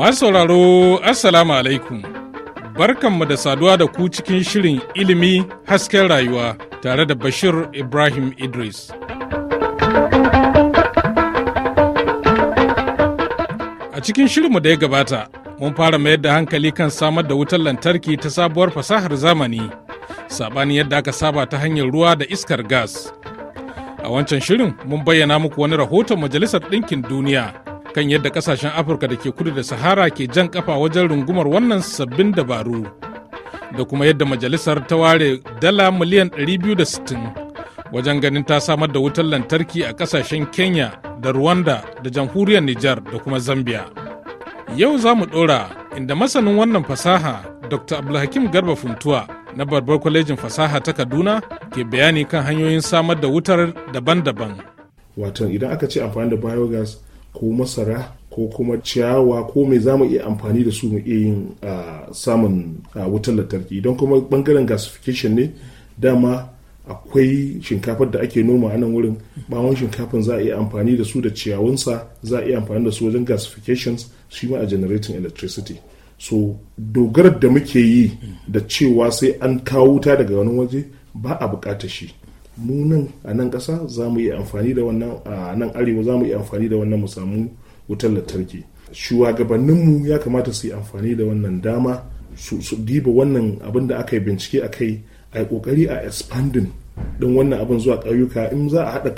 Masu sauraro Assalamu alaikum. Barkanmu da saduwa da ku cikin shirin ilimi hasken rayuwa tare da Bashir Ibrahim Idris. A cikin shirinmu da ya gabata, mun fara mayar da hankali kan samar da wutar lantarki ta sabuwar fasahar zamani, saɓanin yadda aka saba ta hanyar ruwa da iskar gas. A wancan shirin mun bayyana muku wani rahoton Majalisar Ɗinkin Duniya kan yadda kasashen afirka da ke kudu da sahara ke jan kafa wajen rungumar wannan sabbin dabaru da kuma yadda majalisar ta ware dala miliyan 260 wajen ganin ta samar da wutar lantarki a kasashen kenya da rwanda da jamhuriyar nijar da kuma zambia yau za mu ɗora inda masanin wannan fasaha dr abdulhakim garba funtuwa na babbar kwalejin fasaha ta kaduna ke bayani kan hanyoyin samar da wutar daban-daban wato idan aka ce amfani da biogas ko masara ko kuma ciyawa ko mai za iya amfani da su mu iya yin samun wutar lantarki idan kuma bangaren gasification ne dama akwai shinkafar da ake noma a nan wurin bawon shinkafin za a iya amfani da su da ciyawunsa za a iya amfani da su wajen gasifications shi ma a generating electricity so dogarar da muke yi da cewa sai an kawo wuta daga wani waje ba a bukatar shi mu nan a nan ƙasa za mu yi amfani da wannan a nan arewa za mu yi amfani da wannan mu samu wutar lantarki shugabanninmu ya kamata su yi amfani da wannan dama su diba wannan abin da aka yi bincike a kai a yi kokari a expanding din wannan abin zuwa ƙauyuka in za a haɗa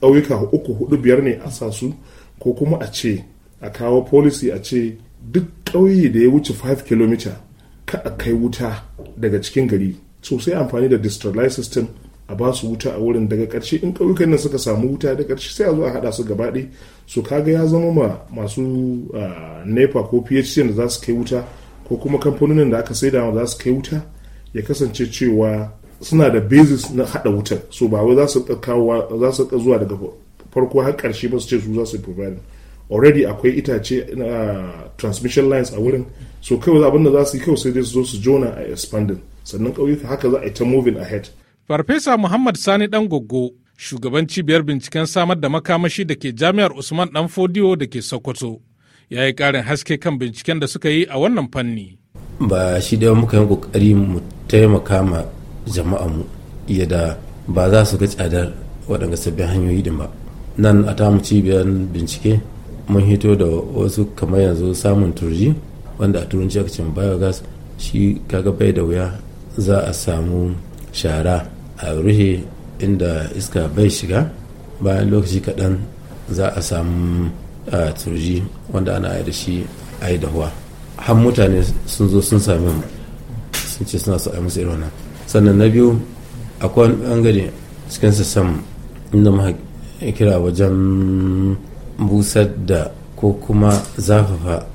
ƙauyuka uku hudu biyar ne a sa su ko kuma a ce a kawo policy a ce duk ƙauye da ya wuce 5 km ka a kai wuta daga cikin gari sosai amfani da district system a ba su wuta a wurin daga karshe in ƙauyukan nan suka samu wuta da karshe sai a zo a haɗa su gaba ɗaya so kaga ya zama ma masu ah, nepa ko phc da za su kai wuta ko kuma kamfanonin da aka saida za su kai wuta ya kasance cewa suna da basis na haɗa wutar so ba wai za su za zuwa daga farko har ƙarshe ba su ce su za su provide already akwai itace na transmission lines a wurin so kawai abin da za su yi kawai sai dai su zo su jona a expanding sannan ƙauyuka haka za a yi ta moving ahead Farfesa Muhammad Sani ɗan goggo shugaban cibiyar binciken samar da makamashi da ke jami'ar Usman ɗan Fodiyo da ke Sokoto ya yi ƙarin haske kan binciken da suka yi a wannan fanni. Ba shi da muka yi ƙoƙari mu taimaka ma jama'anmu da ba za su ga tsadar waɗanda sabbin hanyoyi din ba. Nan a tamu cibiyar bincike mun hito da wasu kamar yanzu samun turji wanda a turanci aka ce biogas shi kaga bai da wuya za a samu shara a ruhe inda iska bai shiga bayan lokaci kaɗan za a samu turji wanda ana da shi a yi dahuwa har mutane sun zo sun sami sun ce suna so musu irin wannan sannan na biyu akwai wani bangare cikin sassan inda muka kira wajen busar da ko kuma zafafa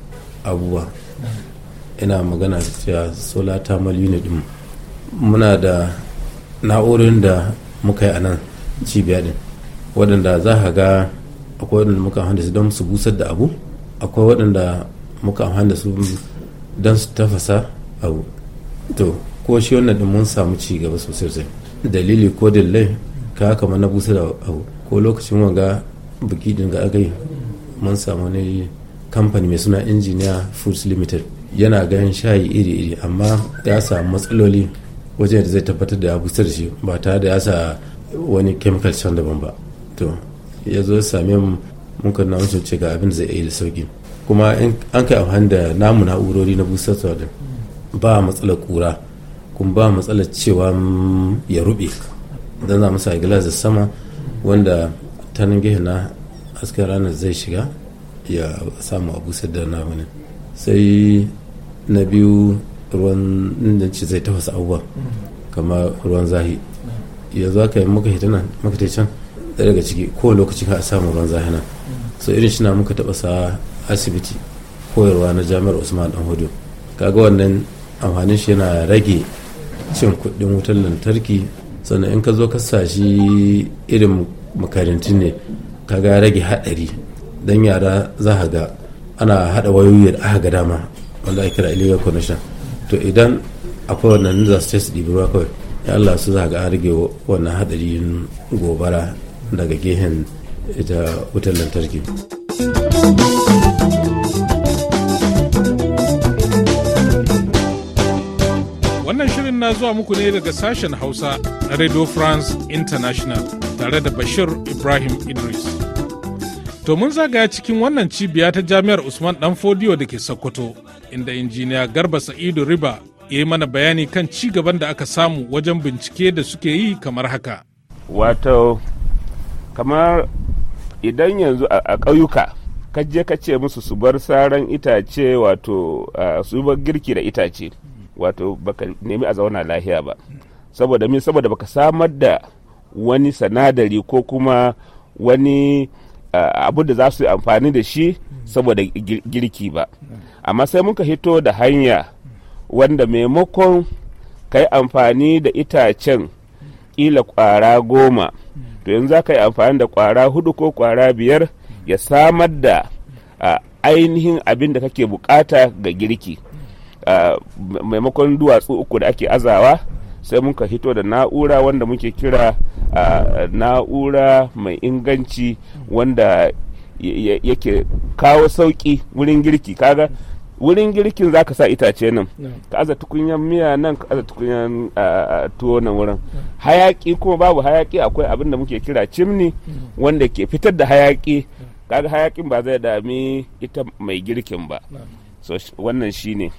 abubuwa ina magana cewa solar thermal unit muna da na'urorin da muka yi a nan cibiya din waɗanda za ka ga akwai waɗanda muka amfani da su don su busar da abu akwai waɗanda muka amfani da su don su tafasa abu to ko shi wannan din mun samu ci gaba sosai sosai dalili ko dalilai ka kama na busar da abu ko lokacin wanga buki din ga aka yi mun samu ne kamfani mai suna injiniya foods limited yana ganin shayi iri-iri amma ya samu matsaloli wajen da zai tabbatar da ya busar shi ba tare da ya sa wani chemical can daban ba to ya zo same mu mun kan na wancan ce ga abin da zai yi da sauki kuma an kai amfani da namu na'urori na busar din ba matsalar kura kuma ba matsalar cewa ya rube don za mu sa gilas da sama wanda ta nan gehe na hasken ranar zai shiga ya samu a busar da namunin sai na biyu ruwan inda ce zai tafasa abubuwa kamar ruwan zahi yanzu aka yi muka hita nan muka ta can daga ciki ko lokaci ka samu ruwan zahi nan so irin shi na muka taɓa sa asibiti koyarwa na jami'ar usman dan hudu kaga wannan amfanin shi yana rage cin kuɗin wutar lantarki sannan in ka zo ka sa shi irin makarantu ne kaga rage haɗari dan yara za ga ana haɗa wayoyi da aka ga dama wanda ake kira illegal connection to idan akwai wannan za su su ɗibi ruwa kawai ya Allah su za a rage wannan hadarin gobara daga gehen ita wutar lantarki. Wannan shirin na zuwa muku ne daga sashen Hausa na Radio France International tare da Bashir Ibrahim Idris. To mun zagaya cikin wannan cibiya ta jami'ar Usman Dan Fodiyo da ke Sokoto, inda injiniya Garba Sa'idu Riba ya yi mana bayani kan ci gaban da aka samu wajen bincike da suke yi kamar haka. Wato, kamar idan yanzu a ƙauyuka, ka ka ce musu su bar saran itace wato su bar girki da itace, wato baka nemi a zauna lahiya ba. Saboda min saboda baka samar da wani sanadari ko kuma wani Eh, abin da za su yi amfani da shi saboda girki ba amma sai muka hito da hanya wanda maimakon ka yi amfani da itacen ƙila ƙwara goma to yanzu za ka yi amfani da kwara hudu ko kwara biyar ya samar da ainihin abin da kake bukata ga girki maimakon duwatsu uku da ake azawa sai muka hito da na'ura wanda muke kira na'ura mai inganci wanda yake kawo sauki wurin girki kaga wurin girkin ka sa itace nan ka aza tukunyan miya nan ka aza tukunyan tuwo nan wurin hayaki kuma babu hayaki akwai abin da muke kira cimni wanda ke fitar da hayaki kaga hayakin ba zai dami ita mai girkin ba so wannan shine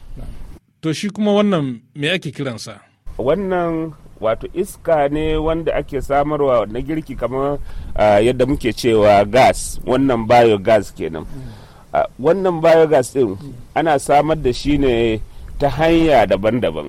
to shi kuma wannan me ake kiransa wannan wato iska ne wanda ake samarwa na girki kamar yadda muke cewa gas wannan biogas kenan wannan biogas din ana samar da shi ne ta hanya daban-daban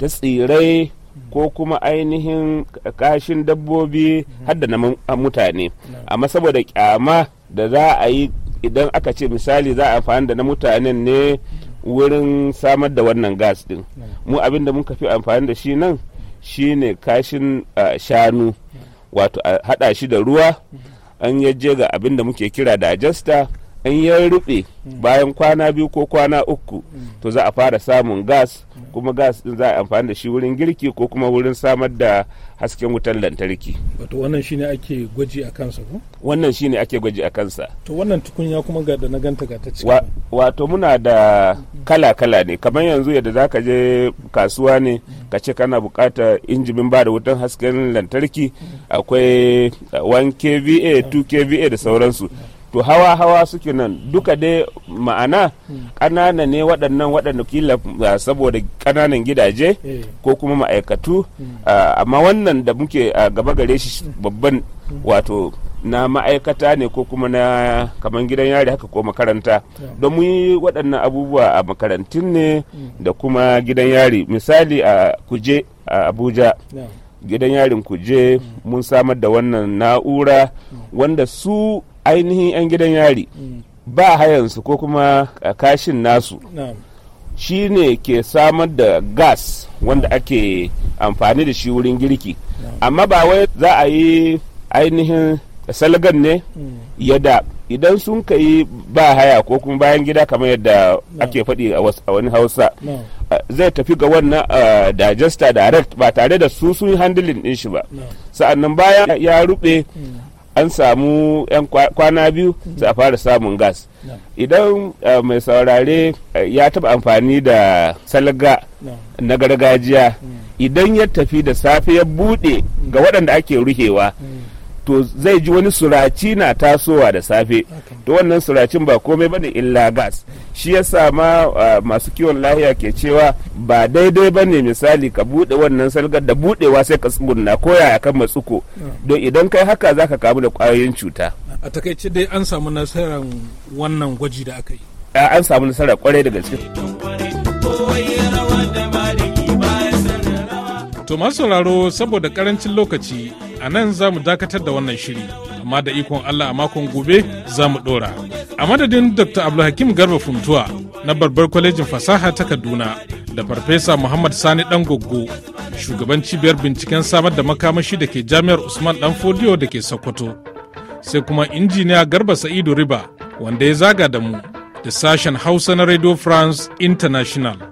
ta tsirai ko kuma ainihin kashin dabbobi hadda na mutane amma saboda kyama da za a yi idan aka ce misali za a amfani da na mutanen ne wurin samar da wannan gas din mu abin da muka fi amfani da shi nan shine kashin uh, shanu wato a hada shi da ruwa mm-hmm. an yaje ga abin da muke kira da in ya rufe bayan kwana biyu ko kwana uku to za a fara samun gas kuma gas din za a amfani da shi wurin girki ko kuma wurin samar da hasken wutar lantarki wato wannan shine ake gwaji a kansa ko wannan shine ake gwaji a kansa to wannan tukunya kuma ga da na ganta ga ta ciki wato muna da kala kala ne kamar yanzu yadda za ka je kasuwa ne ka ce kana buƙatar injimin ba da wutar hasken lantarki akwai 1 uh, kva 2 kva da sauransu to hawa hawa suke nan duka dai ma'ana ƙanana ne waɗannan waɗanda kila ah, saboda ƙananan gidaje eh. ko kuma ma'aikatu hmm. ah, amma wannan da muke a ah, gaba gare shi babban hmm. wato na ma'aikata ne ko kuma na kamar gidan yari haka ko makaranta don mu yi waɗannan abubuwa a makarantun ne hmm. da kuma gidan yari misali a kuje a abuja gidan yarin kuje mun samar da wannan na'ura wanda su ainihin 'yan gidan yari ba hayansu ko kuma kashin nasu shi ne ke samar da gas wanda ake amfani da shi wurin girki amma ba wai za a yi ainihin salgan ne hmm. yadda idan sun ka yi ba haya ko kuma bayan gida kamar yadda ake faɗi a wani hausa zai tafi ga wannan digester direct ba tare da su sun handling din shi ba sa'annan bayan ya rube hmm. an samu yan kwana biyu mm-hmm. za a fara samun gas idan uh, mai saurare uh, ya taba amfani da salga na gargajiya mm. idan ya tafi da safe ya bude ga waɗanda ake ruhewa mm. to zai ji wani suraci na tasowa da safe to wannan suracin ba komai bane illa gas shi ya ma masu kiwon lahiya ke cewa ba daidai ba ne misali ka bude wannan salgar da budewa sai ka tsugunna ko yaya kan matsuko don idan kai haka za ka kamu da kwayoyin cuta a takaice dai an samu nasarar wannan gwaji da aka yi an samu nasarar kwarai da gaske To masu sauraro saboda karancin lokaci a nan za mu dakatar da wannan shiri, amma da ikon Allah a makon gobe za mu ɗora. A madadin Dr. Abdulhakim Garba Funtuwa na Barbar Kwalejin Fasaha ta Kaduna da Farfesa Muhammad Sani Dan Goggo, shugaban cibiyar binciken samar da makamashi da ke Jami'ar Usman Dan Fodiyo da ke Sokoto. Sai kuma injiniya Garba Sa'idu Riba wanda ya zaga da mu da sashen Hausa na Radio France International.